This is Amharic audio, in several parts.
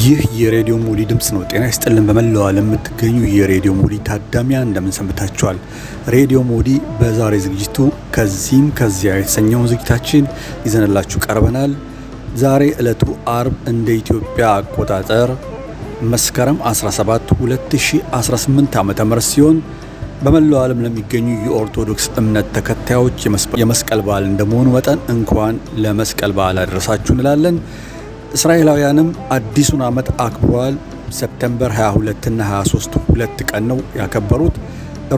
ይህ የሬዲዮ ሙሊ ድምፅ ነው። ጤና ይስጥልን። በመላው ዓለም የምትገኙ የሬዲዮ ሙሊ ታዳሚያ እንደምን ሰንብታችኋል? ሬዲዮ ሞዲ በዛሬ ዝግጅቱ ከዚህም ከዚያ የተሰኘውን ዝግጅታችን ይዘንላችሁ ቀርበናል። ዛሬ ዕለቱ አርብ እንደ ኢትዮጵያ አቆጣጠር መስከረም 17 2018 ዓ ም ሲሆን በመላው ዓለም ለሚገኙ የኦርቶዶክስ እምነት ተከታዮች የመስቀል በዓል እንደመሆኑ መጠን እንኳን ለመስቀል በዓል አደረሳችሁ እንላለን። እስራኤላውያንም አዲሱን ዓመት አክብረዋል። ሰፕተምበር 22ና 23 ሁለት ቀን ነው ያከበሩት።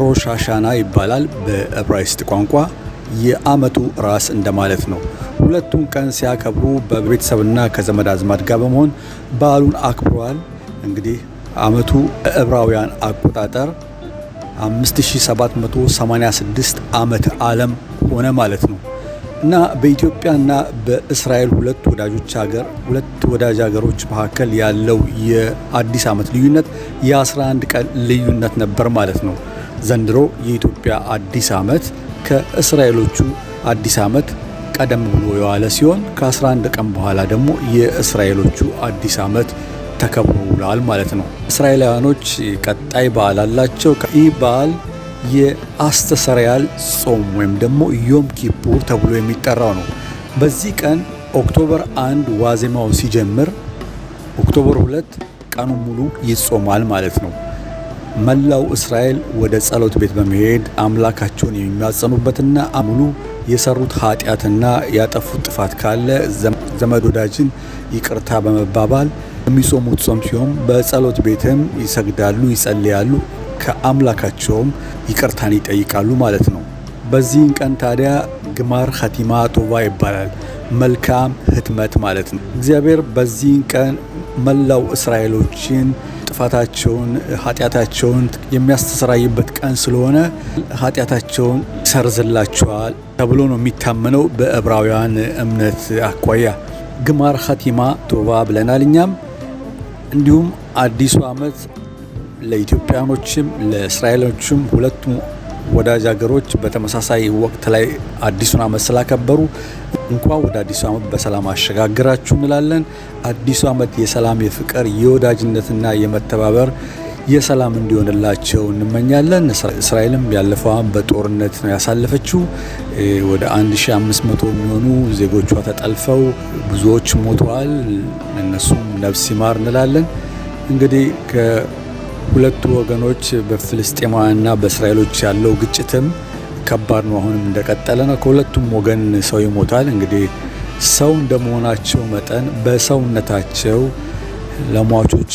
ሮሻሻና ይባላል በዕብራይስጥ ቋንቋ የዓመቱ ራስ እንደማለት ነው። ሁለቱን ቀን ሲያከብሩ በቤተሰብና ከዘመድ አዝማድ ጋር በመሆን በዓሉን አክብረዋል። እንግዲህ ዓመቱ ዕብራውያን አቆጣጠር 5786 ዓመት ዓለም ሆነ ማለት ነው። እና በኢትዮጵያና በእስራኤል ሁለት ወዳጆች ሀገር ሁለት ወዳጅ ሀገሮች መካከል ያለው የአዲስ ዓመት ልዩነት የ11 ቀን ልዩነት ነበር ማለት ነው። ዘንድሮ የኢትዮጵያ አዲስ ዓመት ከእስራኤሎቹ አዲስ ዓመት ቀደም ብሎ የዋለ ሲሆን ከ11 ቀን በኋላ ደግሞ የእስራኤሎቹ አዲስ ዓመት ተከብሮ ውሏል ማለት ነው። እስራኤላውያኖች ቀጣይ በዓል አላቸው። ይህ በዓል የአስተሰርያል ጾም ወይም ደግሞ ዮም ኪፑር ተብሎ የሚጠራው ነው። በዚህ ቀን ኦክቶበር አንድ ዋዜማው ሲጀምር ኦክቶበር ሁለት ቀኑ ሙሉ ይጾማል ማለት ነው። መላው እስራኤል ወደ ጸሎት ቤት በመሄድ አምላካቸውን የሚማጸኑበትና ሙሉ የሰሩት ኃጢአትና ያጠፉት ጥፋት ካለ ዘመድ ወዳጅን ይቅርታ በመባባል የሚጾሙት ጾም ሲሆን በጸሎት ቤትም ይሰግዳሉ፣ ይጸልያሉ። ከአምላካቸውም ይቅርታን ይጠይቃሉ ማለት ነው። በዚህን ቀን ታዲያ ግማር ኸቲማ ጡባ ይባላል። መልካም ህትመት ማለት ነው። እግዚአብሔር በዚህን ቀን መላው እስራኤሎችን ጥፋታቸውን፣ ኃጢአታቸውን የሚያስተሰራይበት ቀን ስለሆነ ኃጢአታቸውን ይሰርዝላቸዋል ተብሎ ነው የሚታመነው በዕብራውያን እምነት አኳያ። ግማር ኸቲማ ጡባ ብለናል እኛም እንዲሁም አዲሱ ዓመት ለኢትዮጵያኖችም ለእስራኤሎችም ሁለቱም ወዳጅ ሀገሮች በተመሳሳይ ወቅት ላይ አዲሱን አመት ስላከበሩ እንኳ ወደ አዲሱ ዓመት በሰላም አሸጋግራችሁ እንላለን። አዲሱ ዓመት የሰላም፣ የፍቅር፣ የወዳጅነትና የመተባበር የሰላም እንዲሆንላቸው እንመኛለን። እስራኤልም ያለፈው በጦርነት ነው ያሳለፈችው። ወደ 1500 የሚሆኑ ዜጎቿ ተጠልፈው ብዙዎች ሞተዋል። እነሱም ነፍስ ይማር እንላለን። እንግዲህ ሁለቱ ወገኖች በፍልስጤማውያንና በእስራኤሎች ያለው ግጭትም ከባድ ነው። አሁንም እንደቀጠለ ነው። ከሁለቱም ወገን ሰው ይሞታል። እንግዲህ ሰው እንደመሆናቸው መጠን በሰውነታቸው ለሟቾች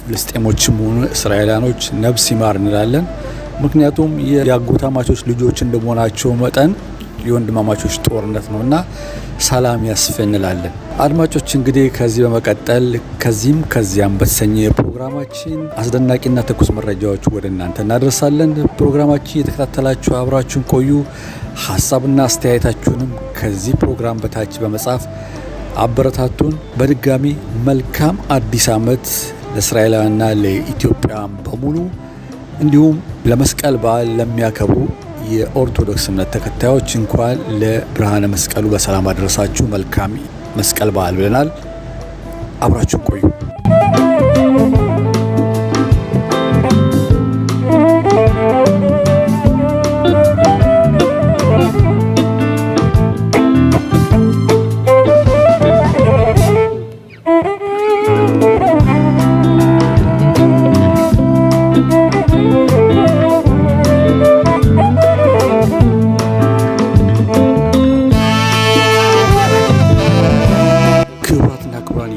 ፍልስጤሞችም ሆኑ እስራኤላኖች ነብስ ይማር እንላለን። ምክንያቱም የአጎታማቾች ልጆች እንደመሆናቸው መጠን የወንድማማቾች ጦርነት ነው እና ሰላም ያስፈን እንላለን። አድማጮች እንግዲህ ከዚህ በመቀጠል ከዚህም ከዚያም በተሰኘ ፕሮግራማችን አስደናቂና ትኩስ መረጃዎች ወደ እናንተ እናደርሳለን። ፕሮግራማችን የተከታተላችሁ አብራችሁን ቆዩ። ሀሳብና አስተያየታችሁንም ከዚህ ፕሮግራም በታች በመጻፍ አበረታቱን። በድጋሚ መልካም አዲስ ዓመት ለእስራኤላውያንና ለኢትዮጵያውያን በሙሉ እንዲሁም ለመስቀል በዓል ለሚያከብሩ የኦርቶዶክስ እምነት ተከታዮች እንኳን ለብርሃነ መስቀሉ በሰላም አደረሳችሁ። መልካም መስቀል በዓል ብለናል። አብራችሁን ቆዩ።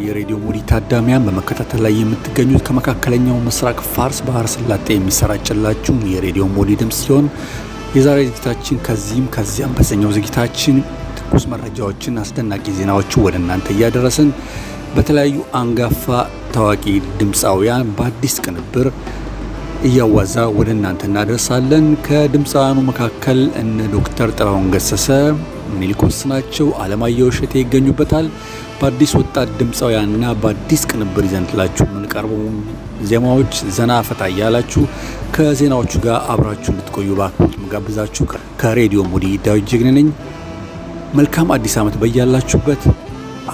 የሬዲዮ ሞዲ ታዳሚያን በመከታተል ላይ የምትገኙት ከመካከለኛው ምስራቅ ፋርስ ባህረ ሰላጤ የሚሰራጭላችሁን የሬዲዮ ሙዲ ድምፅ ሲሆን የዛሬ ዝግጅታችን ከዚህም ከዚያም በሰኘው ዝግጅታችን ትኩስ መረጃዎችን፣ አስደናቂ ዜናዎችን ወደ እናንተ እያደረስን በተለያዩ አንጋፋ ታዋቂ ድምፃውያን በአዲስ ቅንብር እያዋዛ ወደ እናንተ እናደርሳለን። ከድምፃውያኑ መካከል እነ ዶክተር ጥላሁን ገሰሰ፣ ሚልኮስ ናቸው አለማየሁ እሸቴ ይገኙበታል። በአዲስ ወጣት ድምፃውያንና በአዲስ ቅንብር ይዘንላችሁ የምንቀርበው ዜማዎች ዘና ፈታ እያላችሁ ከዜናዎቹ ጋር አብራችሁ እንድትቆዩ በአክብሮት መጋብዛችሁ። ከሬዲዮ ሙዲ ዳዊት ጀግን ነኝ። መልካም አዲስ ዓመት በያላችሁበት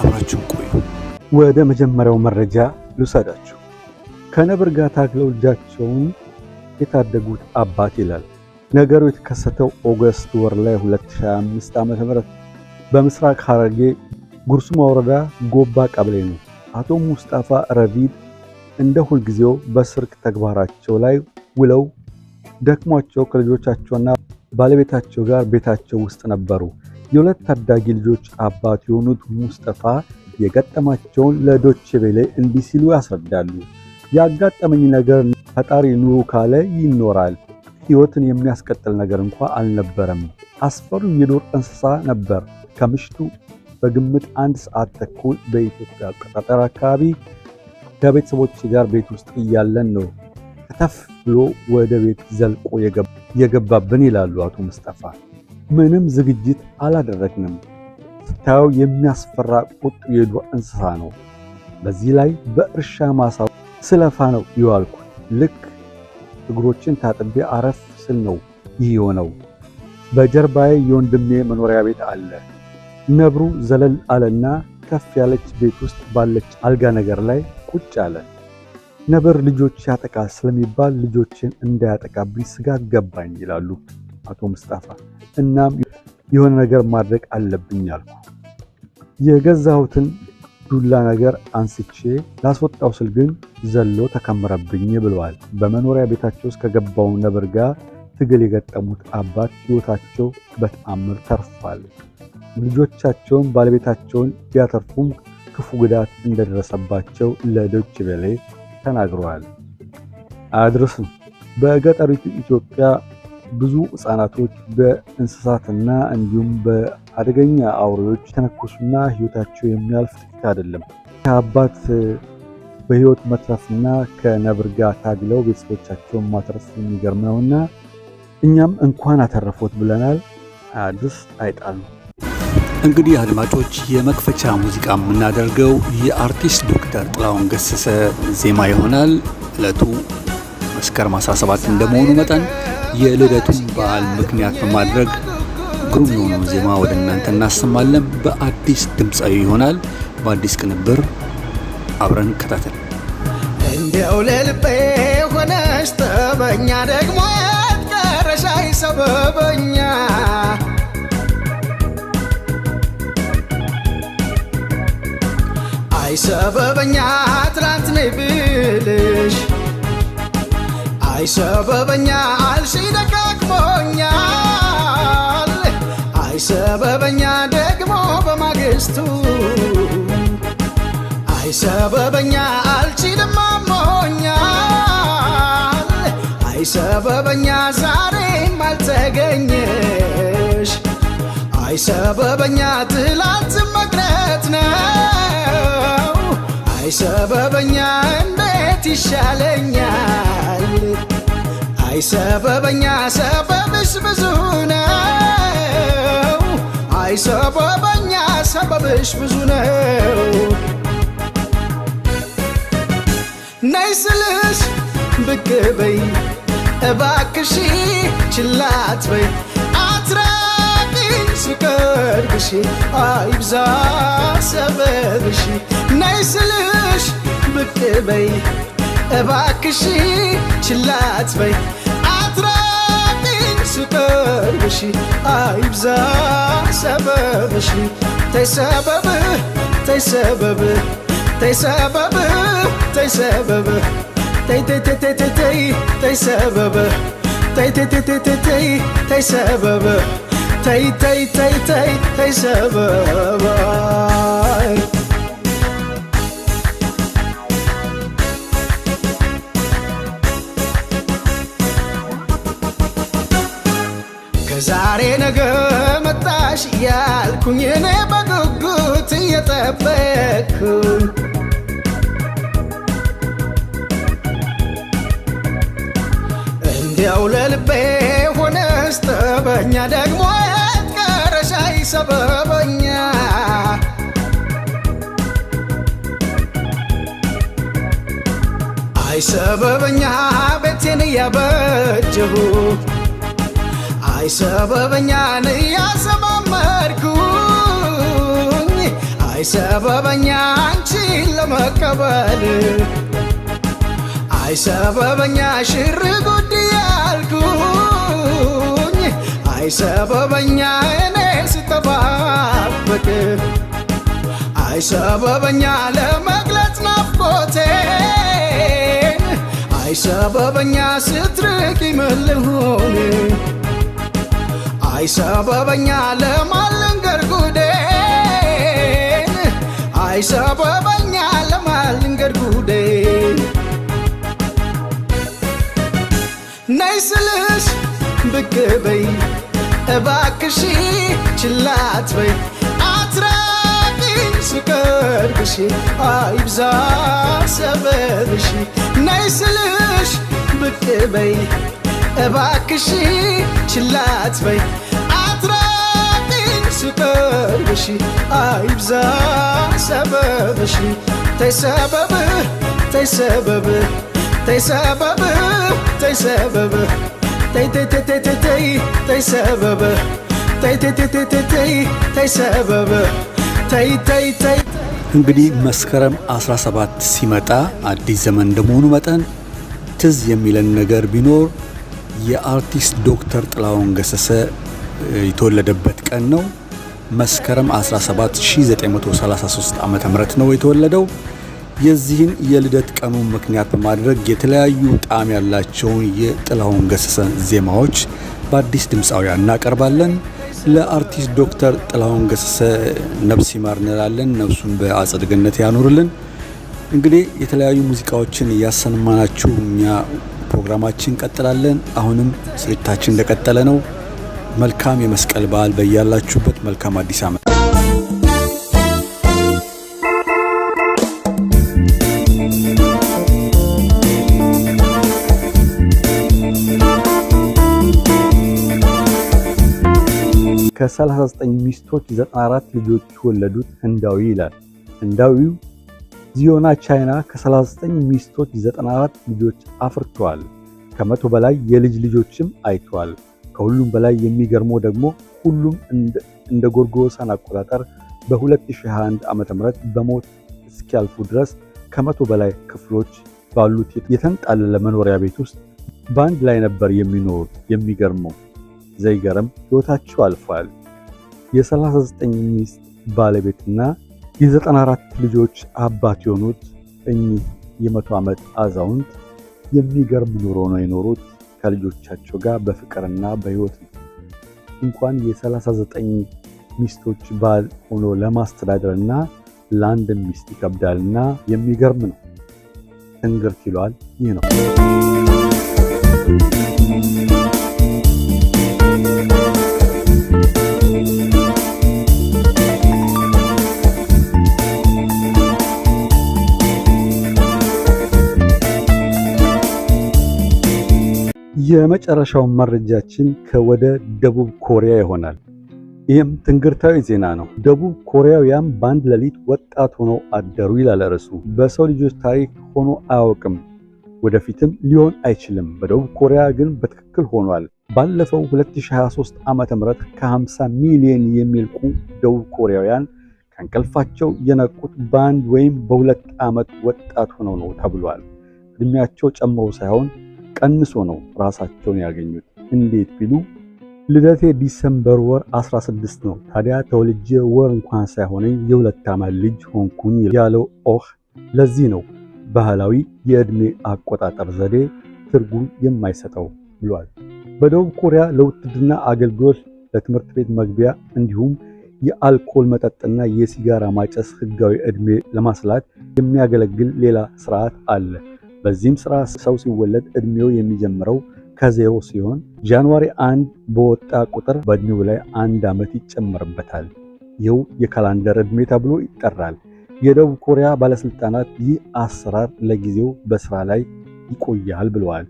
አብራችሁን ቆዩ። ወደ መጀመሪያው መረጃ ልውሰዳችሁ። ከነብር ጋር ታግለው ልጃቸውን የታደጉት አባት ይላል። ነገሩ የተከሰተው ኦገስት ወር ላይ 2025 ም በምስራቅ ሐረርጌ ጉርሱማ ወረዳ ጎባ ቀበሌ ነው። አቶ ሙስጣፋ ረቪድ እንደ ሁልጊዜው በስርቅ ተግባራቸው ላይ ውለው ደክሟቸው ከልጆቻቸውና ባለቤታቸው ጋር ቤታቸው ውስጥ ነበሩ። የሁለት ታዳጊ ልጆች አባት የሆኑት ሙስጠፋ የገጠማቸውን ለዶቼቤሌ እንዲህ ሲሉ ያስረዳሉ። ያጋጠመኝ ነገር ፈጣሪ ኑሩ ካለ ይኖራል። ሕይወትን የሚያስቀጥል ነገር እንኳ አልነበረም። አስፈሪው የዱር እንስሳ ነበር። ከምሽቱ በግምት አንድ ሰዓት ተኩል በኢትዮጵያ አቆጣጠር አካባቢ ከቤተሰቦች ጋር ቤት ውስጥ እያለን ነው ከተፍ ብሎ ወደ ቤት ዘልቆ የገባብን ይላሉ አቶ ሙስጠፋ። ምንም ዝግጅት አላደረግንም። ስታየው የሚያስፈራ ቁጡ የዱር እንስሳ ነው። በዚህ ላይ በእርሻ ማሳ ስለፋ ነው ይዋልኩት። ልክ እግሮችን ታጥቤ አረፍ ስል ነው ይህ የሆነው። በጀርባዬ የወንድሜ መኖሪያ ቤት አለ። ነብሩ ዘለል አለና ከፍ ያለች ቤት ውስጥ ባለች አልጋ ነገር ላይ ቁጭ አለ። ነብር ልጆች ያጠቃል ስለሚባል ልጆችን እንዳያጠቃብኝ ስጋት ገባኝ ይላሉ አቶ ምስጣፋ። እናም የሆነ ነገር ማድረግ አለብኝ አልኩ። የገዛሁትን ዱላ ነገር አንስቼ ላስወጣው ስል ግን ዘሎ ተከምረብኝ ብለዋል። በመኖሪያ ቤታቸው ውስጥ ከገባው ነብር ጋር ትግል የገጠሙት አባት ሕይወታቸው በተአምር ተርፏል። ልጆቻቸውን ባለቤታቸውን ቢያተርፉም ክፉ ጉዳት እንደደረሰባቸው ለዶች በሌ ተናግረዋል። አድርስም በገጠሪቱ ኢትዮጵያ ብዙ ሕፃናቶች በእንስሳትና እንዲሁም በአደገኛ አውሬዎች ተነኮሱና ሕይወታቸው የሚያልፍ ጥቂት አይደለም። ከአባት በሕይወት መትረፍና ከነብር ጋር ታግለው ቤተሰቦቻቸውን ማትረፍ የሚገርም ነውና እኛም እንኳን አተረፎት ብለናል። አዲስ አይጣል እንግዲህ አድማጮች የመክፈቻ ሙዚቃ የምናደርገው የአርቲስት ዶክተር ጥላሁን ገሰሰ ዜማ ይሆናል። እለቱ መስከረም 17 እንደመሆኑ መጠን የልደቱን በዓል ምክንያት በማድረግ ግሩም የሆነውን ዜማ ወደ እናንተ እናሰማለን። በአዲስ ድምፃዊ ይሆናል። በአዲስ ቅንብር አብረን ከታተል እንዲያው ለልቤ ሆነሽ ተበኛ ደግሞ መድረሻይ ሰበበኛ አይ ሰበበኛ ትላንት ነይ ብልሽ አይ ሰበበኛ አልሽ ደጋግሞኛል አይ ሰበበኛ ደግሞ በማግስቱ አይ ሰበበኛ አልችልም አሞኛል አይሰበበኛ ዛሬም አልተገኘሽ አይሰበበኛ ትላንት መቅረት ነው አይሰበበኛ እንዴት ይሻለኛል አይሰበበኛ ሰበብሽ ብዙ ነው አይሰበበኛ ሰበብሽ ብዙ ነው ነይ ስልሽ ብቅ በይ እባክሽ ችላ አትበይ አትራቂኝ ስቀርግሽ አይብዛ ሰበብሽ ነይ ስልሽ ብቅ በይ እባክሽ ችላ አትበይ አትራቂኝ ስቀርግሽ አይብዛ ሰበብሽ ተይ ሰበብ ተይ ሰበብ ተይ ሰበብ ተይ ሰበብ ተይ ተይ ተይ ተይ ተይ ተይ ተይ ሰበበ ተይ ተይ ተይ ተይ ተይ ተይ ሰበበ ተይ ተይ ተይ ተይ ተይ ሰበበ ዛሬ ነገ መጣሽ እያልኩኝ እኔ በጉጉት እየጠበቅኩ ያው ለልቤ ሆነ ስተበኛ ደግሞ ቀረሻይ ሰበበኛ አይ ሰበበኛ ቤቴን እያበጀሁ አይ ሰበበኛን እያሰማመርኩኝ አይ ሰበበኛ አንቺን ለመቀበል አይ ሰበበኛ ሽር ጉድ አልኩኝ አይሰበበኛ እኔ ስጠባበቅ አይሰበበኛ ለመግለጽ ናፍቆቴን አይሰበበኛ ስትርቂ ምልሆን አይሰበበኛ ለማልንገር ጉዴን አይሰበበኛ ለማልንገር ጉዴን አትበይ እባክሽ ችላት በይ አትራቂኝ ስቀርብሽ አይብዛ ሰበብሽ ነይ ስልሽ ብቅ በይ እባክሽ ችላ አትበይ አትራቂኝ ስቀርብሽ አይብዛ ሰበብሽ ተይ ሰበብ ተይ ሰበብ ተይ ተይ ተይ ተይ ተይ ተይ ተይ ሰበበ ተይ ተይ ተይ ተይ ተይ ተይ ተይ ሰበበ ተይ ተይ ተይ እንግዲህ መስከረም 17 ሲመጣ አዲስ ዘመን እንደመሆኑ መጠን ትዝ የሚለን ነገር ቢኖር የአርቲስት ዶክተር ጥላውን ገሰሰ የተወለደበት ቀን ነው። መስከረም 17 1933 ዓ.ም ነው የተወለደው። የዚህን የልደት ቀኑ ምክንያት በማድረግ የተለያዩ ጣዕም ያላቸውን የጥላሁን ገሰሰ ዜማዎች በአዲስ ድምፃዊ እናቀርባለን። ለአርቲስት ዶክተር ጥላሁን ገሰሰ ነፍስ ይማር እንላለን። ነፍሱን በአጸደ ገነት ያኖርልን። እንግዲህ የተለያዩ ሙዚቃዎችን እያሰማናችሁ እኛ ፕሮግራማችን እንቀጥላለን። አሁንም ስርጭታችን እንደቀጠለ ነው። መልካም የመስቀል በዓል በያላችሁበት። መልካም አዲስ ዓመት ከ39 ሚስቶች 94 ልጆች ወለዱት ህንዳዊ ይላል። ህንዳዊው ዚዮና ቻይና ከ39 ሚስቶች 94 ልጆች አፍርተዋል። ከመቶ በላይ የልጅ ልጆችም አይተዋል። ከሁሉም በላይ የሚገርመው ደግሞ ሁሉም እንደ ጎርጎሳን አቆጣጠር በ2021 ዓ ም በሞት እስኪያልፉ ድረስ ከመቶ በላይ ክፍሎች ባሉት የተንጣለለ መኖሪያ ቤት ውስጥ በአንድ ላይ ነበር የሚኖሩት። የሚገርመው ዘይገርም ሕይወታቸው አልፏል። የ39 ሚስት ባለቤትና የ94 ልጆች አባት የሆኑት እኚህ የመቶ ዓመት አዛውንት የሚገርም ኑሮ ነው የኖሩት ከልጆቻቸው ጋር በፍቅርና በሕይወት ነው። እንኳን የ39 ሚስቶች ባል ሆኖ ለማስተዳደርና ለአንድ ሚስት ይከብዳልና የሚገርም ነው። እንግርት ይሏል ይህ ነው። የመጨረሻው መረጃችን ከወደ ደቡብ ኮሪያ ይሆናል። ይህም ትንግርታዊ ዜና ነው። ደቡብ ኮሪያውያን በአንድ ሌሊት ወጣት ሆነው አደሩ ይላል ርዕሱ። በሰው ልጆች ታሪክ ሆኖ አያውቅም፣ ወደፊትም ሊሆን አይችልም። በደቡብ ኮሪያ ግን በትክክል ሆኗል። ባለፈው 2023 ዓ ም ከ50 ሚሊዮን የሚልቁ ደቡብ ኮሪያውያን ከእንቅልፋቸው የነቁት በአንድ ወይም በሁለት ዓመት ወጣት ሆነው ነው ተብሏል። እድሜያቸው ጨምሮ ሳይሆን ቀንሶ ነው ራሳቸውን ያገኙት። እንዴት ቢሉ ልደቴ ዲሰምበር ወር 16 ነው። ታዲያ ተወልጄ ወር እንኳን ሳይሆነኝ የሁለት ዓመት ልጅ ሆንኩኝ ያለው ኦህ ለዚህ ነው ባህላዊ የዕድሜ አቆጣጠር ዘዴ ትርጉም የማይሰጠው ብሏል። በደቡብ ኮሪያ ለውትድና አገልግሎት፣ ለትምህርት ቤት መግቢያ እንዲሁም የአልኮል መጠጥና የሲጋራ ማጨስ ህጋዊ ዕድሜ ለማስላት የሚያገለግል ሌላ ስርዓት አለ። በዚህም ስራ ሰው ሲወለድ እድሜው የሚጀምረው ከዜሮ ሲሆን ጃንዋሪ አንድ በወጣ ቁጥር በእድሜው ላይ አንድ ዓመት ይጨመርበታል። ይህው የካላንደር ዕድሜ ተብሎ ይጠራል። የደቡብ ኮሪያ ባለስልጣናት ይህ አሰራር ለጊዜው በስራ ላይ ይቆያል ብለዋል።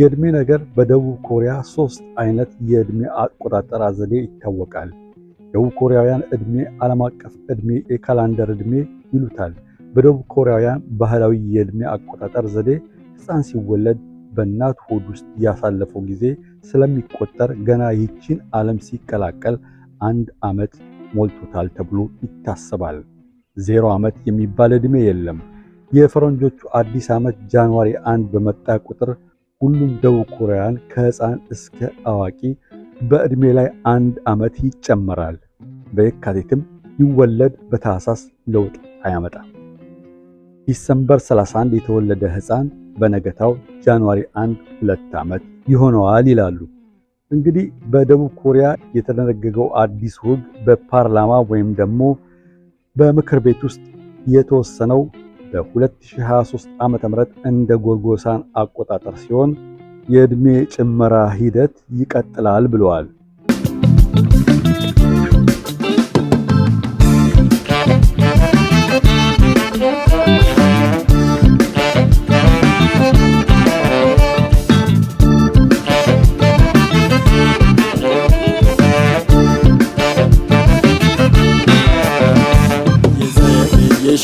የዕድሜ ነገር በደቡብ ኮሪያ ሶስት አይነት የዕድሜ አቆጣጠር ዘዴ ይታወቃል። ደቡብ ኮሪያውያን ዕድሜ ዓለም አቀፍ ዕድሜ፣ የካላንደር ዕድሜ ይሉታል። በደቡብ ኮሪያውያን ባህላዊ የእድሜ አቆጣጠር ዘዴ ህፃን ሲወለድ በእናት ሆድ ውስጥ ያሳለፈው ጊዜ ስለሚቆጠር ገና ይህችን ዓለም ሲቀላቀል አንድ ዓመት ሞልቶታል ተብሎ ይታሰባል። ዜሮ ዓመት የሚባል ዕድሜ የለም። የፈረንጆቹ አዲስ ዓመት ጃንዋሪ አንድ በመጣ ቁጥር ሁሉም ደቡብ ኮሪያውያን ከህፃን እስከ አዋቂ በዕድሜ ላይ አንድ ዓመት ይጨመራል። በየካቲትም ይወለድ በታህሳስ ለውጥ አያመጣም። ዲሰምበር 31 የተወለደ ህፃን በነገታው ጃንዋሪ 1 2 ዓመት ይሆነዋል ይላሉ። እንግዲህ በደቡብ ኮሪያ የተደነገገው አዲስ ህግ በፓርላማ ወይም ደግሞ በምክር ቤት ውስጥ የተወሰነው በ2023 ዓ.ም እንደ ጎርጎሳን አቆጣጠር ሲሆን የዕድሜ ጭመራ ሂደት ይቀጥላል ብለዋል።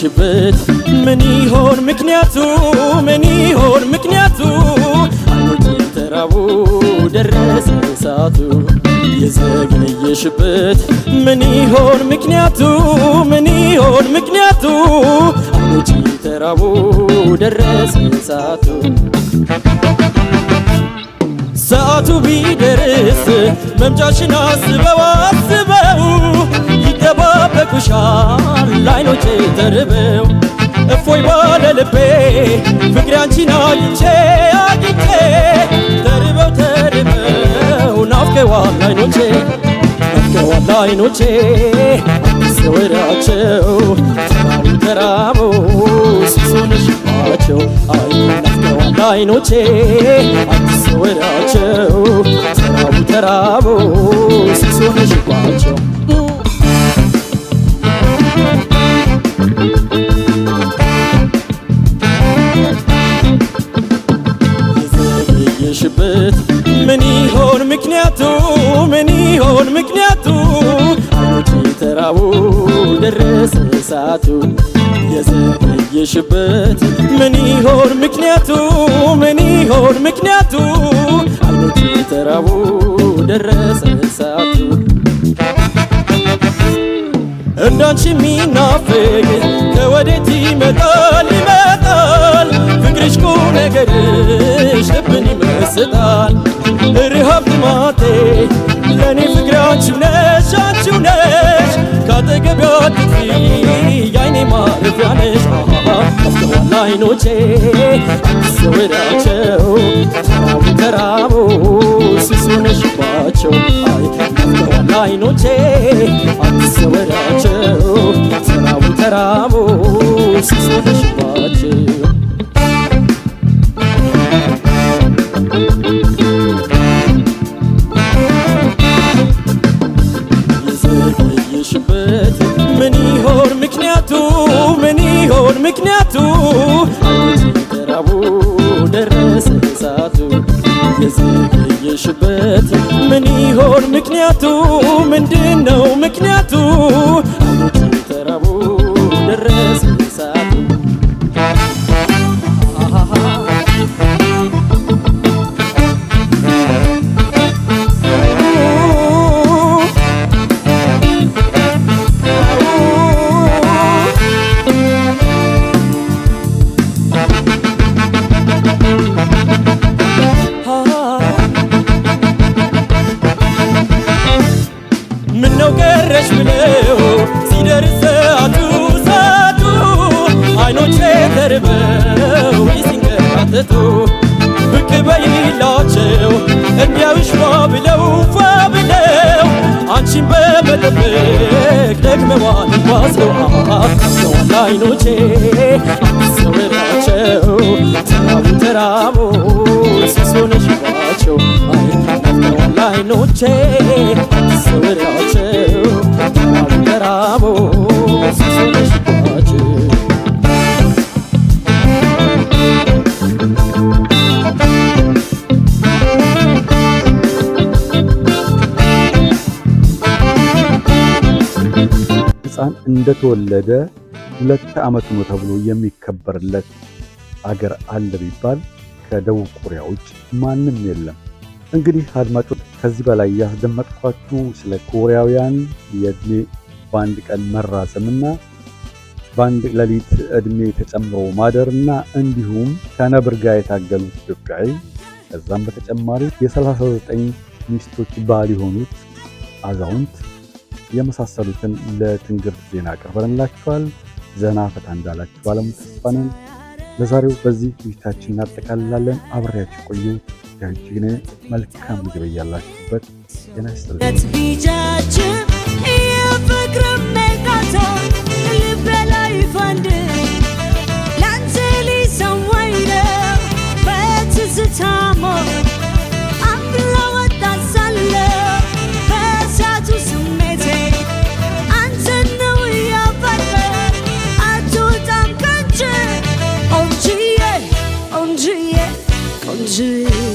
ያለሽበት ምን ይሆን ምክንያቱ? ምን ይሆን ምክንያቱ? አይኖች የተራቡ ደረሰ ሰዓቱ የዘገየሽበት ምን ይሆን ምክንያቱ? ምን ይሆን ምክንያቱ? አይኖች የተራቡ ደረሰ ሰዓቱ ሰዓቱ ቢደርስ መምጫሽን አስበው አስበው ይደባበቁሻል ላይኖቼ ተርበው እፎይ ባለ ልቤ ፍቅሬ አንቺን አግኝቼ አግኝቼ ተርበው ተርበው ናፍቀዋል ላይኖቼ ናፍቀዋል ላይኖቼ ስወራቸው ተራቡ ተራቡ ሲሶንሽባቸው አይ ናፍቀዋል ላይኖቼ አትስወራቸው ተራቡ ተራቡ ጥፋቱ የዘየሽበት ምን ይሆን ምክንያቱ? ምን ይሆን ምክንያቱ? አይኖች ተራቡ ደረሰ ሰዓቱ እንዳንቺ የሚናፍቅ ከወዴት ይመጣል ይመጣል ፍቅርሽ ቁ ነገርሽ ልብን ይመስጣል ርሃብ ትማቴ ለእኔ ፍቅራችሁ ነሻችሁ ነ አጠገብ ያለሽ የዓይኔ ማረፊያ ነሽ አስተዋል አይኖቼ ሰወዳቸው ተራቦ ስሱ ነሽባቸው አስተዋል አይኖቼ አትሰወዳቸው ተራቦ ስሱ ምክንያቱ ተራቡ ደረሰ ሰዓቱ የዘገየሽበት ምን ይሆን ምክንያቱ ምንድን ነው? ልብቅ ደግመዋል ዋስለው አፍ ከፍተዋል አይኖቼ ሰውራቸው ተራቡ ተራቡ ሲስ ሆነሽ ዋቸው አይናፍተዋል አይኖቼ ሰውራቸው ተራቡ ተራቡ ሲስ ሆነሽ ሕፃን እንደተወለደ ሁለት ዓመት ነው ተብሎ የሚከበርለት አገር አለ ቢባል ከደቡብ ኮሪያ ውጭ ማንም የለም። እንግዲህ አድማጮች ከዚህ በላይ ያስደመጥኳችሁ ስለ ኮሪያውያን የእድሜ በአንድ ቀን መራዘምና በአንድ ሌሊት እድሜ ተጨምሮ ማደርና እንዲሁም ከነብር ጋር የታገሉት ኢትዮጵያዊ ከዛም በተጨማሪ የ39 ሚስቶች ባል የሆኑት አዛውንት የመሳሰሉትን ለትንግርት ዜና ቀርበንላችኋል። ዘና ፈታ እንዳላችሁ ባለሙሉ ተስፋ ነን። ለዛሬው በዚህ ዝግጅታችን እናጠቃልላለን። አብሬያችሁ ቆዩ። ዳዊት ግን መልካም ምግብ እያላችሁበት ጤና ይስጥልኝ። ፍቅርም መርካቶ ልቤ ላይ ፈንድ ላንተ ሊሰማኝ ነው በትዝታሞ Jésus.